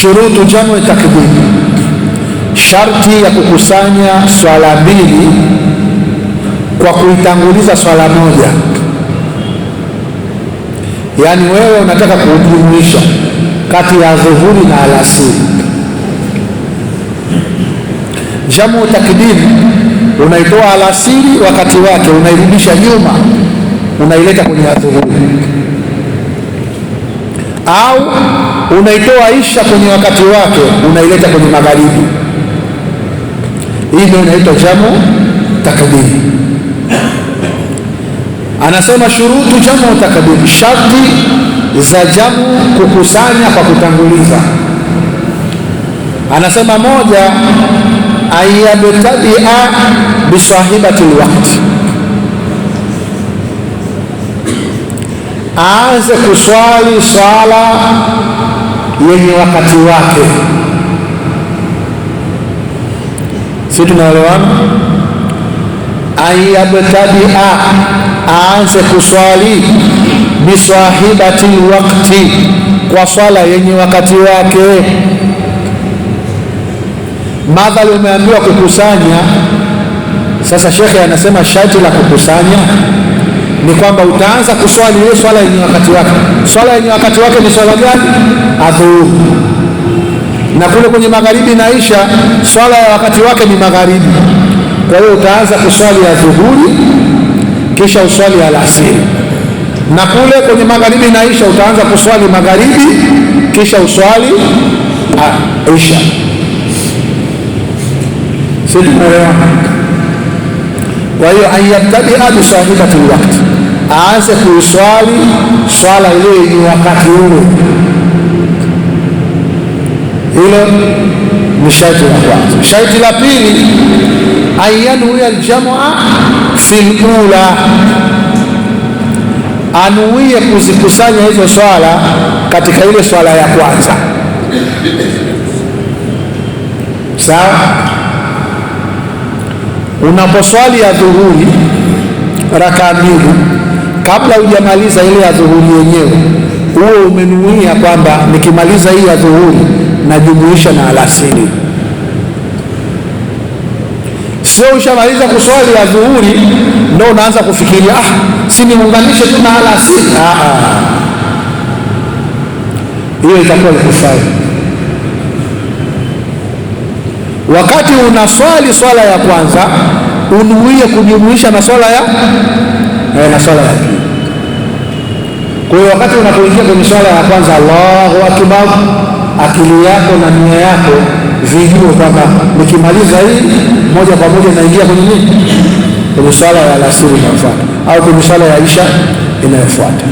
Shurutu jamu takdimi sharti ya kukusanya swala mbili kwa kuitanguliza swala moja. Yaani wewe unataka kujumuisha kati ya dhuhuri na alasiri. Jamu takdim, unaitoa alasiri wakati wake, unairudisha nyuma, unaileta kwenye adhuhuri au unaitoa isha kwenye wakati wake unaileta kwenye magharibi. Hii ndio inaitwa jamu takdim. Anasema shurutu jamu takdim, sharti za jamu kukusanya kwa kutanguliza. Anasema moja, ayabtadia bisahibati lwakti aanze kuswali swala yenye wakati wake. Si tunaelewana? Ayabtadia, aanze kuswali biswahibati wakti, kwa swala yenye wakati wake. Madhali umeambiwa kukusanya, sasa shekhe anasema sharti la kukusanya ni kwamba utaanza kuswali ile swala yenye wakati wake. Swala yenye wakati wake ni swala gani? Adhuhuri. Na kule kwenye magharibi na isha, swala ya wakati wake ni magharibi. Kwa hiyo utaanza kuswali adhuhuri, kisha uswali alasiri. Na kule kwenye magharibi na isha utaanza kuswali magharibi, kisha uswali isha. Situelewana. Kwa hiyo anyabtadia bisahibati lwakti aanze kuiswali swala ile yenye wakati ule. Hilo ni sharti la kwanza. Sharti la pili, anyanwia aljamaa fi lula, anuie kuzikusanya hizo swala katika ile swala ya kwanza. Sawa, unaposwali ya dhuhuri rakaa mbili kabla hujamaliza ile ya dhuhuri yenyewe, huo umenuia kwamba nikimaliza hii ya dhuhuri najumuisha na alasiri. Sio ushamaliza kuswali ya dhuhuri ndio unaanza kufikiria ah, si niunganishe tu na alasiri. Ah, ah. Hiyo itakuwa ikufai. Wakati unaswali swala ya kwanza unuie kujumuisha na swala ya na swala ya pili. Kwa hiyo wakati unapoingia kwenye swala ya kwanza, Allahu akbar, akili yako na nia yako vijue kwamba nikimaliza hii moja kwa moja naingia kwenye nini, kwenye swala ya alasiri inayofuata au kwenye swala ya isha inayofuata.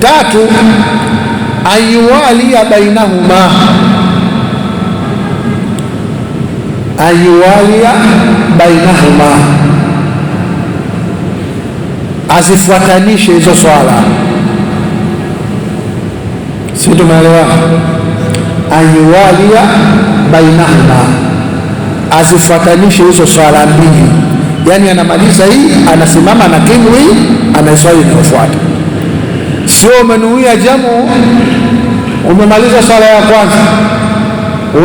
Tatu, ayuwalia bainahuma ayuwalia bainahuma azifuatanishe hizo swala, si tumeelewa? Ayuwalia bainahuma, azifuatanishe hizo swala mbili, yaani anamaliza hii, anasimama na kimu hii, anaiswali inayofuata. Sio umenuia jamu, umemaliza swala ya kwanza,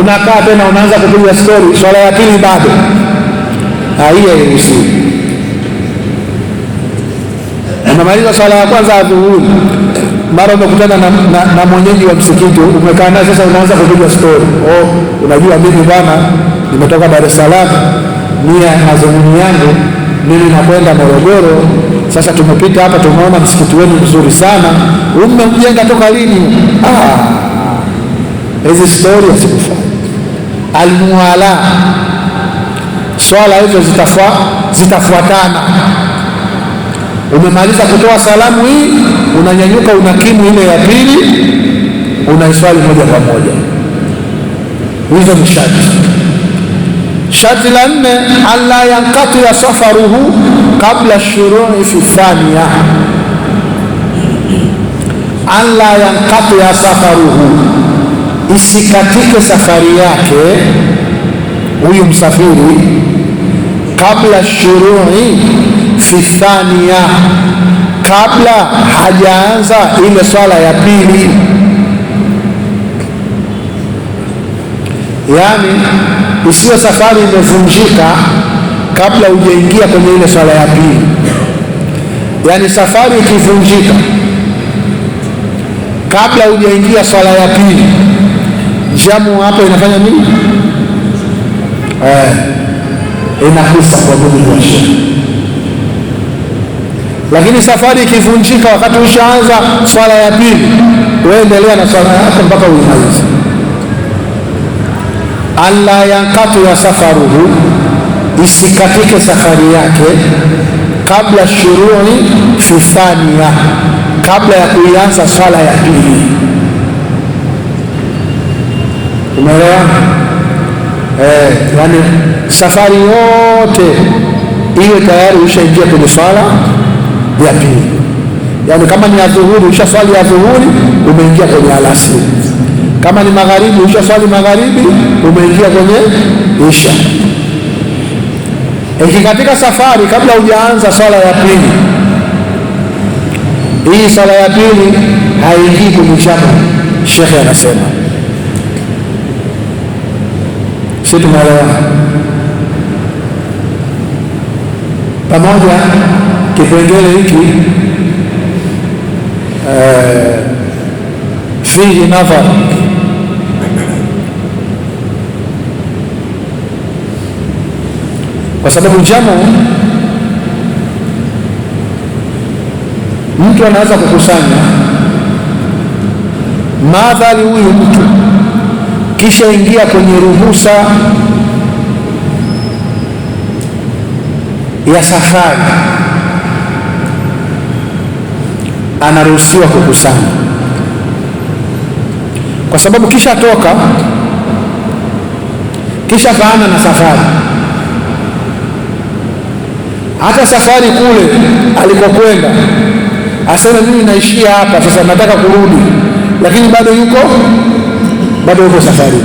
unakaa tena unaanza kupiga stori, swala ya pili bado. Hii hairuhusiwi unamaliza swala ya kwanza adhuhuri, mara umekutana na, na, na mwenyeji wa msikiti umekaa naye, sasa unaanza kupiga stori. Oh, unajua mimi bwana nimetoka Dar es Salaam, nia mazunguni yangu mimi nakwenda Morogoro. Sasa tumepita hapa, tumeona msikiti wenu mzuri sana, mmemjenga toka lini? Ah, hizi ah, stori Almuala swala hizo zitafuatana Umemaliza kutoa salamu hii, unanyanyuka unakimu ile ya pili, unaiswali moja kwa moja. Hizo ni sharti. Sharti la nne, alla yankati ya safaruhu kabla shurui fi thania, alla yankati ya safaruhu, isikatike safari yake huyu msafiri kabla shurui fi thania, kabla hajaanza ile swala ya pili. yani isiyo safari imevunjika kabla hujaingia kwenye ile swala ya pili. Yaani safari ikivunjika kabla hujaingia swala ya pili, jamu hapo inafanya nini? Eh, inakufa kwa mujibu wa sheria lakini safari ikivunjika wakati ushaanza swala ya pili, uendelea na swala yako mpaka uimalize. Alla yankatu ya safaruhu, isikatike safari yake kabla shurui fithania, kabla ya kuianza swala ya pili. Umeelewa? Eh, yani safari yote iwe tayari ushaingia kwenye swala ya pili. Yaani kama ni adhuhuri, usha swali ya dhuhuri, umeingia kwenye alasiri. Kama ni magharibi, usha swali magharibi, umeingia kwenye isha. ikikatika katika safari, kabla hujaanza swala ya pili, hii swala ya pili haingii kwenye chama, Shekhe anasema si pamoja kipengele hiki eh, fihi nadhar kwa sababu jamu, mtu anaweza kukusanya madhali huyu mtu, kisha ingia kwenye ruhusa ya safari anaruhusiwa kukusanya, kwa sababu kisha toka kisha kaana na safari. Hata safari kule alikokwenda asema mimi naishia hapa, sasa nataka kurudi, lakini bado yuko bado yuko safari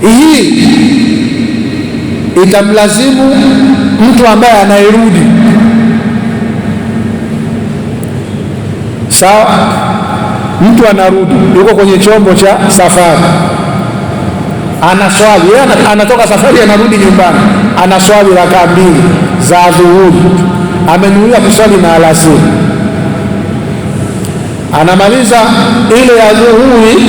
hii itamlazimu mtu ambaye anayerudi Sawa, mtu anarudi, yuko kwenye chombo cha safari, anaswali yeye, anatoka safari, anarudi nyumbani, anaswali rakaa mbili za dhuhuri, amenuia kuswali na alasiri, anamaliza ile ya dhuhuri,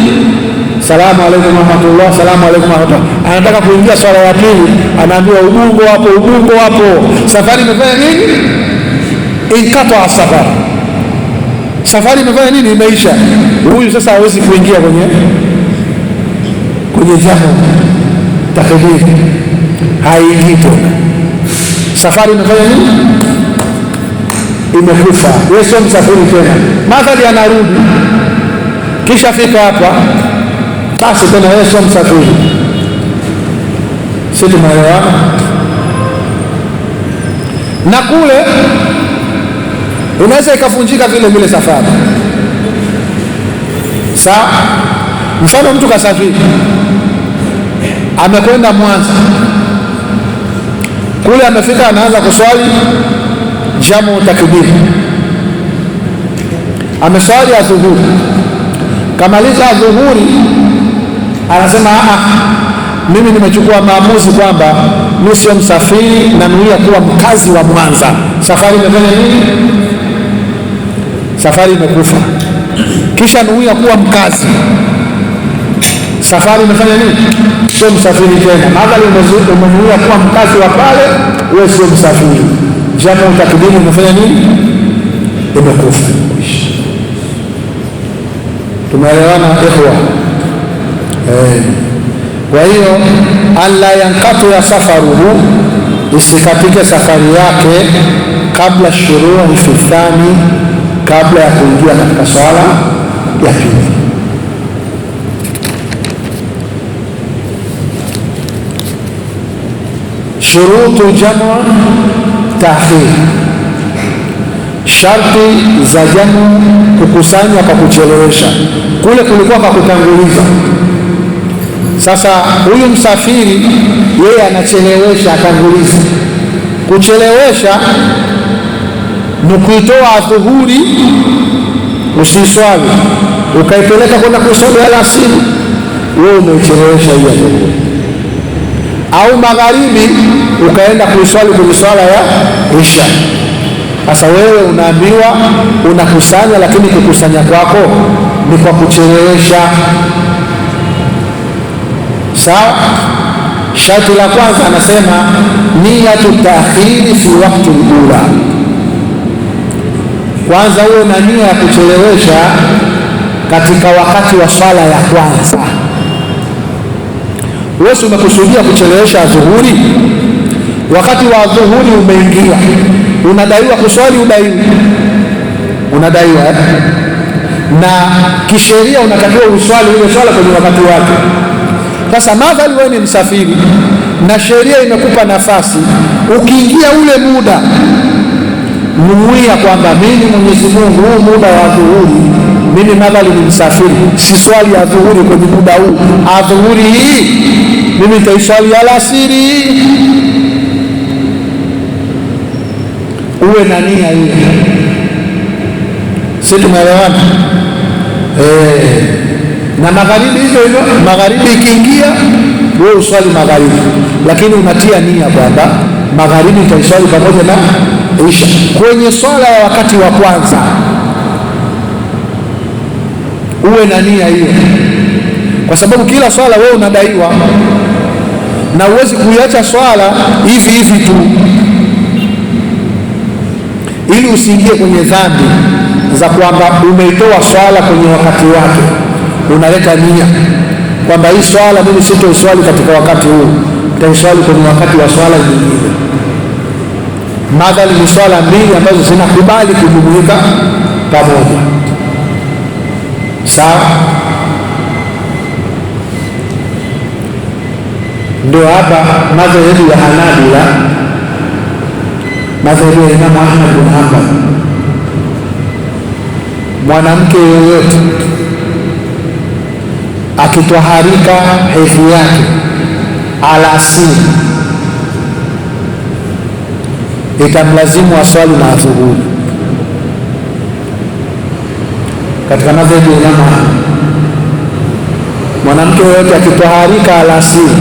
salamu aleikum rahmatullah, salamu aleikum rahmatullah, anataka kuingia swala ya pili, anaambiwa ubungo hapo, ubungo hapo, safari imefanya nini? Inkata safari safari imefanya nini? Imeisha. Huyu sasa hawezi kuingia kwenye kwenye jamu takriri, haingii tena. Safari imefanya nini? Imekufa, wewe sio msafiri tena. Madhali anarudi kisha fika hapa, basi tena wewe sio msafiri. Si tumeelewana? na kule unaweza ikavunjika vile vile safari. Sa mfano mtu kasafiri amekwenda Mwanza kule, amefika anaanza kuswali jamu takbiri, ameswali adhuhuri, kamaliza adhuhuri, anasema ah, ah, mimi nimechukua maamuzi kwamba mi sio msafiri, nanuia kuwa mkazi wa Mwanza. Safari imefanya nini? safari imekufa. Kisha nuia kuwa mkazi, safari imefanya nini? Sio msafiri tena. Madhali umenuia kuwa mkazi wa pale, wewe sio msafiri, jamu utakidimu umefanya nini? Imekufa. Tumeelewana ikhwa? Eh, kwa hiyo alla yankatu ya safaruhu, isikatike safari yake kabla shuruhi fi thani kabla ya kuingia katika swala ya pili. Shurutu jamwa takhir, sharti za jamu kukusanya kwa kuchelewesha. Kule kulikuwa kwa kutanguliza. Sasa huyu msafiri yeye anachelewesha, atanguliza kuchelewesha ni kuitoa adhuhuri usiiswali ukaipeleka kwenda kuiswali alasiri, wewe umeichelewesha hiyo adhuhuri, au magharibi ukaenda kuiswali kwenye swala ya isha. Sasa wewe unaambiwa unakusanya, lakini kukusanya kwako ni kwa kuchelewesha. Sawa. Sharti la kwanza anasema niyatu taakhiri fi wakti lula kwanza uwe na nia ya kuchelewesha katika wakati wa swala ya kwanza. Wewe umekusudia kuchelewesha adhuhuri, wakati wa adhuhuri umeingia, unadaiwa kuswali, udaiwi, unadaiwa eh? na kisheria unatakiwa uswali ile swala kwenye wakati wake. Sasa madhali wewe ni msafiri na sheria imekupa nafasi, ukiingia ule muda nuia kwamba mimi Mwenyezi Mungu, huu muda wa dhuhuri, mimi madhali ni msafiri, siswali ya dhuhuri kwenye muda huu, adhuhuri hii mimi taiswali alasiri. Uwe na nia hiyo, si tumeelewana? Eh, na magharibi hizo hizo, magharibi ikiingia wewe uswali magharibi, lakini unatia nia kwamba magharibi nitaiswali pamoja na isha kwenye swala ya wakati wa kwanza uwe na nia hiyo, kwa sababu kila swala wewe unadaiwa na uwezi kuiacha swala hivi hivi tu, ili usiingie kwenye dhambi za kwamba umeitoa swala kwenye wakati wake. Unaleta nia kwamba hii swala mimi sitoiswali katika wakati huu, nitaiswali kwenye wakati wa swala nyingine madhali ni swala mbili ambazo zinakubali kujumuika pamoja. Sawa, ndio hapa madhehebu ya Hanabila, madhehebu ya Imamu Ahmad bin Hanbal, mwanamke yoyote akitwaharika hedhi yake alasiri itamlazimu aswali na adhuhuri. Katika madhehebu ya Imamu Ahmad, mwanamke yoyote akitoharika alasiri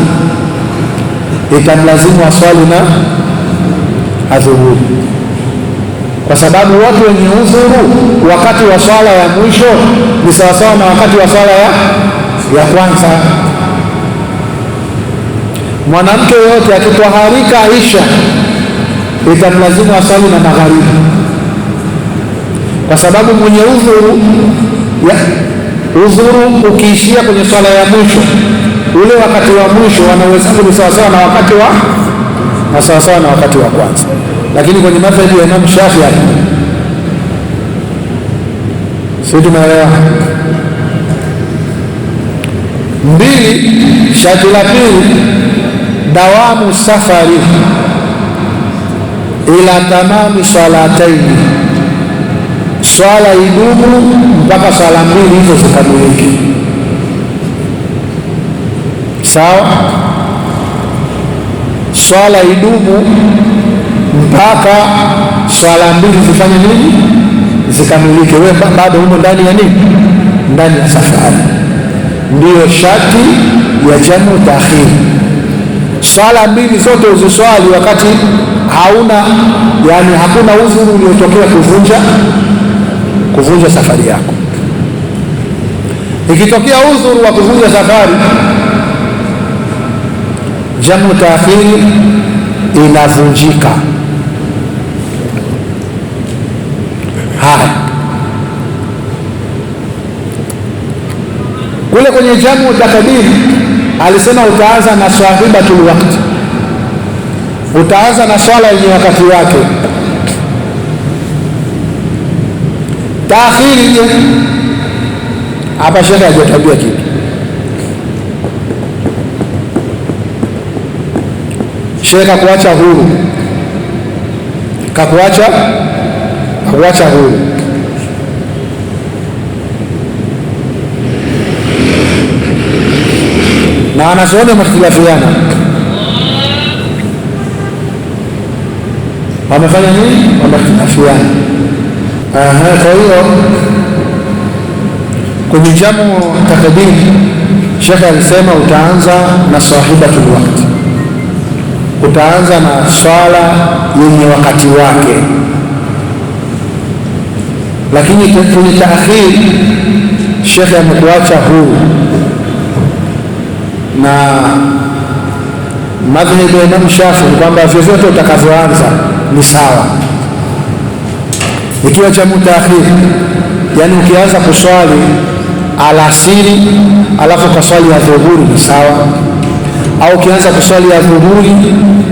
itamlazimu aswali na adhuhuri, kwa sababu watu wenye udhuru wakati wa swala ya mwisho ni sawasawa na wakati wa swala ya, ya kwanza. Mwanamke yoyote akitoharika isha itamlazimu aswali na magharibi, kwa sababu mwenye udhuru ya udhuru ukiishia kwenye swala ya mwisho, ule wakati wa mwisho wanauhesabu ni sawasawa na wakati wa na sawasawa na wakati wa kwanza. Lakini kwenye madhhabu ya Imam Shafi hapa, si tumeelewa? Mbili, sharti la pili, dawamu safari ila tamami salataini, swala idumu mpaka swala mbili hizo zikamilike. Sawa, swala idumu mpaka swala mbili zifanye nini? Zikamilike. Wewe bado humo ndani ya nini? Ndani ya safari. Ndiyo shati ya jamu taakhiri, swala mbili zote uziswali wakati hauna yani, hakuna udhuru uliotokea kuvunja kuvunja safari yako. Ikitokea udhuru wa kuvunja safari, jamu taakhiri inavunjika. Haya, kule kwenye jamu takdiri alisema utaanza na sahibatul waqti Utaanza na swala yenye wakati wake. Taakhiri je? Hapa shekhe hajatuambia kitu. Shekhe kakuacha huru, kakuacha kakuacha huru. Na wanazuoni wamehitilafiana wamefanya nini? Wamehtilafiana. Kwa hiyo kwenye jamu takdiri, shekhe alisema utaanza na sahibatul waqti, utaanza na swala yenye wakati wake, lakini kwenye taakhiri shekhe amekuacha huu na madhhabu ya Imamu Shafii kwamba vyovyote utakavyoanza ni sawa. Ikiwa cha mutaakhiri, yani ukianza kuswali alasiri alafu kaswali ya dhuhuri ni sawa, au ukianza kuswali ya dhuhuri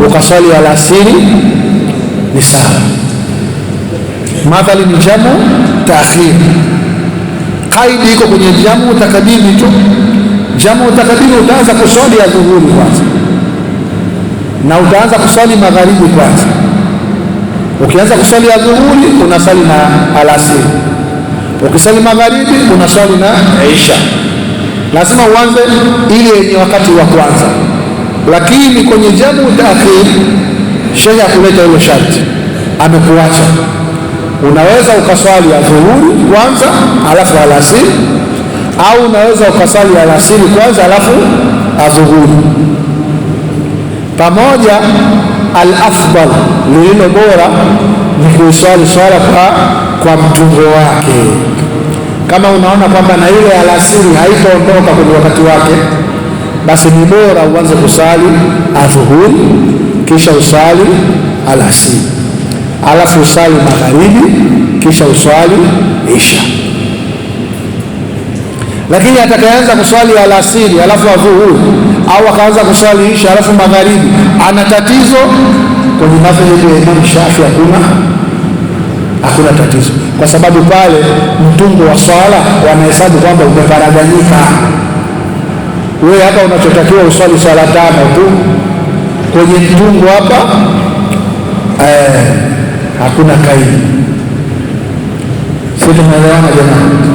ukaswali alasiri ni sawa. Mathali ni jamu taakhiri, kaidi iko kwenye jamu takadimi tu. Jamu takadimi utaanza kuswali ya dhuhuri kwanza na utaanza kuswali magharibi kwanza Ukianza kuswali adhuhuri unasali na alasiri, ukiswali magharibi unaswali na isha. Lazima uanze ile yenye wakati wa kwanza, lakini kwenye jamu taakhir shehe akuleta hilo sharti, amekuacha unaweza ukaswali adhuhuri kwanza alafu alasiri, au unaweza ukaswali alasiri kwanza alafu adhuhuri pamoja alafdal, lililo bora ni kuiswali swala kwa, kwa mtungo wake. Kama unaona kwamba na ile alasiri haitaondoka kwenye wakati wake, basi ni bora uanze kusali adhuhuri, kisha uswali alasiri, alafu uswali magharibi, kisha uswali isha. Lakini atakayeanza kuswali alasiri alafu adhuhuri au akaanza kuswali isha alafu magharibi, ana tatizo kwenye madhehebu ya Imam Shafi hakuna hakuna tatizo, kwa sababu pale mtungo wa swala wanahesabu kwamba umeparaganyika. Wewe hapa unachotakiwa uswali swala tano tu kwenye mtungo hapa eh, hakuna kaidi. sio tunaelewana jamani?